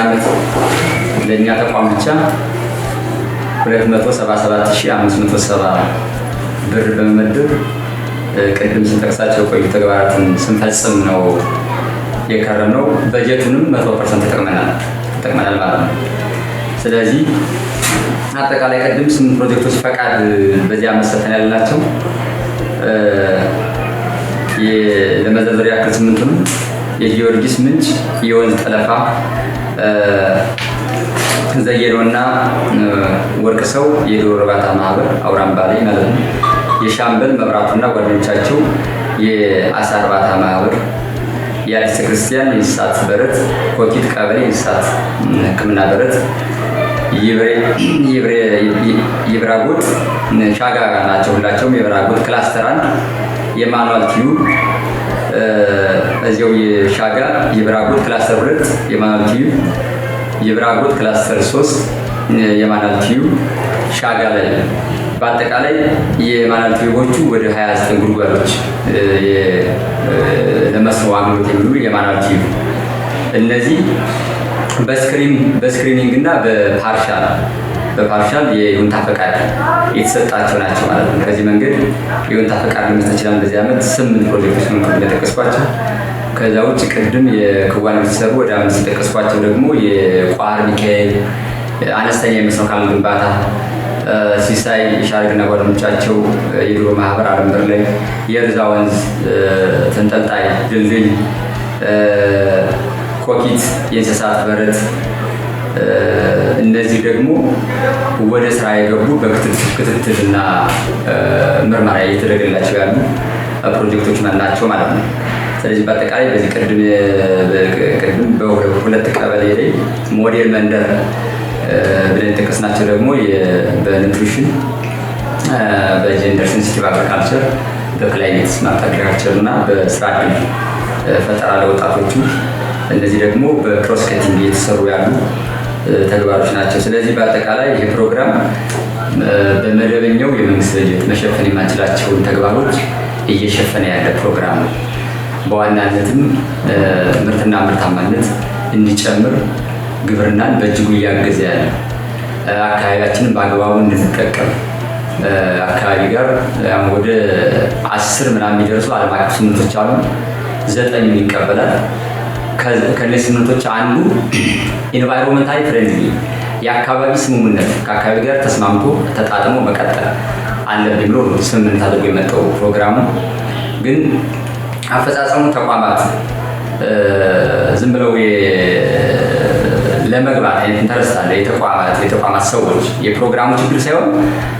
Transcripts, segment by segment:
ዓመት ለእኛ ተቋም ብቻ 277570 ብር በመመደብ ቅድም ስንጠቅሳቸው ቆዩ ተግባራትን ስንፈጽም ነው የከረም ነው። በጀቱንም መቶ ፐርሰንት ተጠቅመናል ተጠቅመናል ማለት ነው። ስለዚህ አጠቃላይ ቅድም ስምንት ፕሮጀክቶች ፈቃድ በዚህ መሰተን ሰተን ያልናቸው ለመዘርዘር ያክል ስምንቱንም የጊዮርጊስ ምንጭ፣ የወንዝ ጠለፋ፣ ዘየዶና ወርቅ ሰው የዶሮ እርባታ ማህበር አውራምባ ላይ ማለት ነው። የሻምበል መብራቱና ጓደኞቻቸው የአሳ እርባታ ማህበር፣ የአዲስ ክርስቲያን የእንስሳት በረት፣ ኮኪት ቀበሌ የእንስሳት ሕክምና በረት የብራጎት ሻጋ ናቸው። ሁላቸውም የብራጎት ክላስተር አንድ የማኑዋል ቲዩብ እዚያው የሻጋ የብራጉድ ክላስተር ሁለት የማናልቲዩ የብራጎት ክላስተር ሶስት የማናልቲዩ ሻጋ ላይ በአጠቃላይ የማናልቲዩቦቹ ወደ 29 ጉድጓዶች ለመስኖ አገልግሎት የሚውሉ የማናልቲዩ እነዚህ በስክሪኒንግ እና በፓርሻል በፓርሻል የይሁንታ ፈቃድ የተሰጣቸው ናቸው ማለት ነው። ከዚህ መንገድ የይሁንታ ፈቃድ ለመስጠት ይችላል። በዚህ ዓመት ስምንት ፕሮጀክቶች ነው እንደጠቀስኳቸው። ከዛ ውጭ ቅድም የክዋን የተሰሩ ወደ አምስት የጠቀስኳቸው ደግሞ የቋር ሚካኤል አነስተኛ የመስኖ ካም ግንባታ ሲሳይ ሻርግና ጓደኞቻቸው የድሮ ማህበር አለምበር ላይ የእርዛ ወንዝ ተንጠልጣይ ድልድይ፣ ኮኪት፣ የእንስሳት በረት እነዚህ ደግሞ ወደ ስራ የገቡ በክትትልና ምርመራ እየተደረገላቸው ያሉ ፕሮጀክቶች ናቸው ማለት ነው። ስለዚህ በአጠቃላይ በዚህ ቅድም በሁለት ቀበሌ ላይ ሞዴል መንደር ብለን የጠቀስናቸው ደግሞ በኒትሪሽን፣ በጀንደር ሴንሲቲቭ አግሪካልቸር፣ በክላይሜት ስማርት አግሪካልቸር እና በስራ ዕድል ፈጠራ ለወጣቶቹ እነዚህ ደግሞ በክሮስ ከቲንግ እየተሰሩ ያሉ ተግባሮች ናቸው። ስለዚህ በአጠቃላይ ይህ ፕሮግራም በመደበኛው የመንግስት በጀት መሸፈን የማንችላቸውን ተግባሮች እየሸፈነ ያለ ፕሮግራም ነው። በዋናነትም ምርትና ምርታማነት እንዲጨምር ግብርናን በእጅጉ እያገዘ ያለ አካባቢያችንን በአግባቡ እንድንጠቀም አካባቢ ጋር ወደ አስር ምናምን የሚደርሱ ዓለም አቀፍ ስምምነቶች አሉ። ዘጠኝ ይቀበላል። ከኢንቨስትመንቶች አንዱ ኢንቫይሮንመንታሊ ፍሬንድሊ የአካባቢ ስምምነት ከአካባቢ ጋር ተስማምቶ ተጣጥሞ መቀጠል አለብኝ ብሎ ስምምነት አድርጎ የመጣው ፕሮግራሙ ግን አፈጻጸሙ ተቋማት ዝም ብለው ለመግባት አይነት ኢንተረስት የተቋማት የተቋማት ሰዎች የፕሮግራሙ ችግር ሳይሆን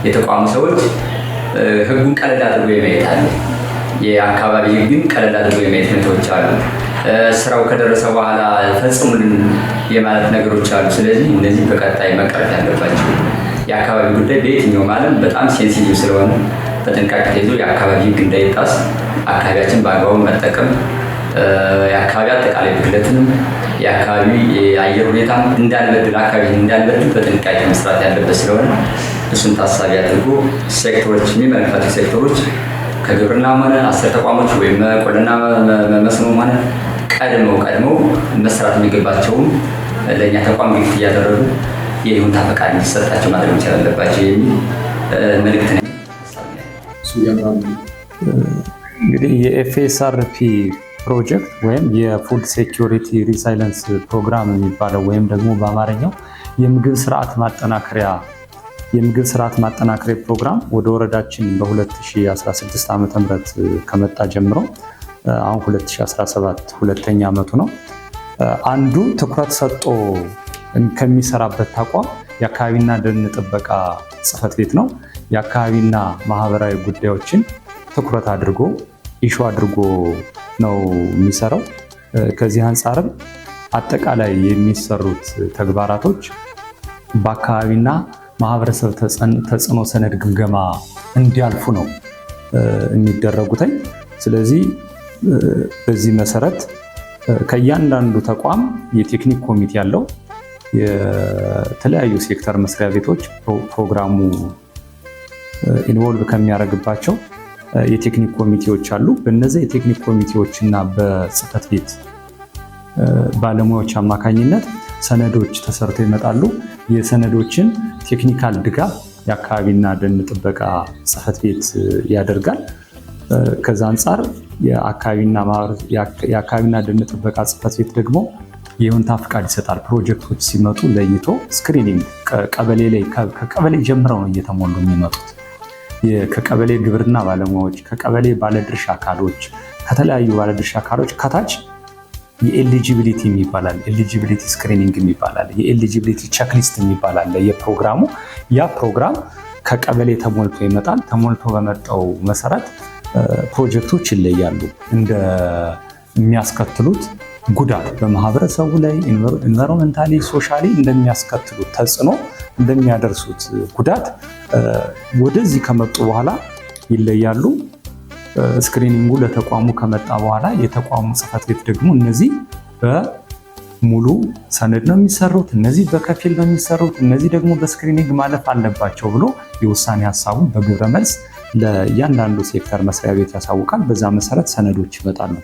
የተቋሙ ሰዎች ህጉን ቀለል አድርጎ የማየት አለ። የአካባቢ ህግን ቀለል አድርጎ የማየት ሁኔታዎች አሉ። ስራው ከደረሰ በኋላ ፈጽሙልን የማለት ነገሮች አሉ። ስለዚህ እነዚህ በቀጣይ መቀረት ያለባቸው የአካባቢ ጉዳይ በየትኛውም ዓለም በጣም ሴንሲቲቭ ስለሆነ በጥንቃቄ ተይዞ የአካባቢ ህግ እንዳይጣስ አካባቢያችን በአግባቡ መጠቀም የአካባቢ አጠቃላይ ብክለትንም የአካባቢ የአየር ሁኔታ እንዳንበድል አካባቢ እንዳንበድል በጥንቃቄ መስራት ያለበት ስለሆነ እሱን ታሳቢ አድርጎ ሴክተሮች የሚመለከታቸው ሴክተሮች ከግብርና ሆነ አስር ተቋሞች ወይም ቆልና መስኖ ሆነ ቀድመው ቀድመው መስራት የሚገባቸውም ለእኛ ተቋም ግፊት እያደረጉ የይሁንታ ፈቃድ እንዲሰጣቸው ማድረግ መቻል አለባቸው የሚል መልእክት ነው። እንግዲህ የኤፍኤስአርፒ ፕሮጀክት ወይም የፉድ ሴኪሪቲ ሪሳይለንስ ፕሮግራም የሚባለው ወይም ደግሞ በአማርኛው የምግብ ስርዓት ማጠናከሪያ የምግብ ስርዓት ማጠናከሪያ ፕሮግራም ወደ ወረዳችን በ2016 ዓ ም ከመጣ ጀምሮ አሁን 2017 ሁለተኛ ዓመቱ ነው። አንዱ ትኩረት ሰጥቶ ከሚሰራበት ተቋም የአካባቢና ደን ጥበቃ ጽህፈት ቤት ነው። የአካባቢና ማህበራዊ ጉዳዮችን ትኩረት አድርጎ ኢሹ አድርጎ ነው የሚሰራው። ከዚህ አንጻርም አጠቃላይ የሚሰሩት ተግባራቶች በአካባቢና ማህበረሰብ ተጽዕኖ ሰነድ ግምገማ እንዲያልፉ ነው የሚደረጉትኝ። ስለዚህ በዚህ መሰረት ከእያንዳንዱ ተቋም የቴክኒክ ኮሚቴ ያለው የተለያዩ ሴክተር መስሪያ ቤቶች ፕሮግራሙ ኢንቮልቭ ከሚያደርግባቸው የቴክኒክ ኮሚቴዎች አሉ። በነዚህ የቴክኒክ ኮሚቴዎች እና በጽህፈት ቤት ባለሙያዎች አማካኝነት ሰነዶች ተሰርተው ይመጣሉ። የሰነዶችን ቴክኒካል ድጋፍ የአካባቢና ደን ጥበቃ ጽህፈት ቤት ያደርጋል። ከዛ አንጻር የአካባቢና ደን ጥበቃ ጽሕፈት ቤት ደግሞ የሁንታ ፍቃድ ይሰጣል። ፕሮጀክቶች ሲመጡ ለይቶ ስክሪኒንግ ቀበሌ ላይ ከቀበሌ ጀምረው ነው እየተሞሉ የሚመጡት። ከቀበሌ ግብርና ባለሙያዎች፣ ከቀበሌ ባለድርሻ አካሎች፣ ከተለያዩ ባለድርሻ አካሎች ከታች የኤሊጂቢሊቲ የሚባላል ኤሊጂቢሊቲ ስክሪኒንግ የሚባላል የኤሊጂቢሊቲ ቸክሊስት የሚባላል የፕሮግራሙ ያ ፕሮግራም ከቀበሌ ተሞልቶ ይመጣል። ተሞልቶ በመጣው መሰረት ፕሮጀክቶች ይለያሉ እንደሚያስከትሉት ጉዳት በማህበረሰቡ ላይ ኢንቫይሮንመንታሊ ሶሻሊ እንደሚያስከትሉት ተጽዕኖ እንደሚያደርሱት ጉዳት ወደዚህ ከመጡ በኋላ ይለያሉ። ስክሪኒንጉ ለተቋሙ ከመጣ በኋላ የተቋሙ ጽሕፈት ቤት ደግሞ እነዚህ በሙሉ ሰነድ ነው የሚሰሩት፣ እነዚህ በከፊል ነው የሚሰሩት፣ እነዚህ ደግሞ በስክሪኒንግ ማለፍ አለባቸው ብሎ የውሳኔ ሀሳቡን በግብረ መልስ ለእያንዳንዱ ሴክተር መስሪያ ቤት ያሳውቃል። በዛ መሰረት ሰነዶች ይመጣሉ።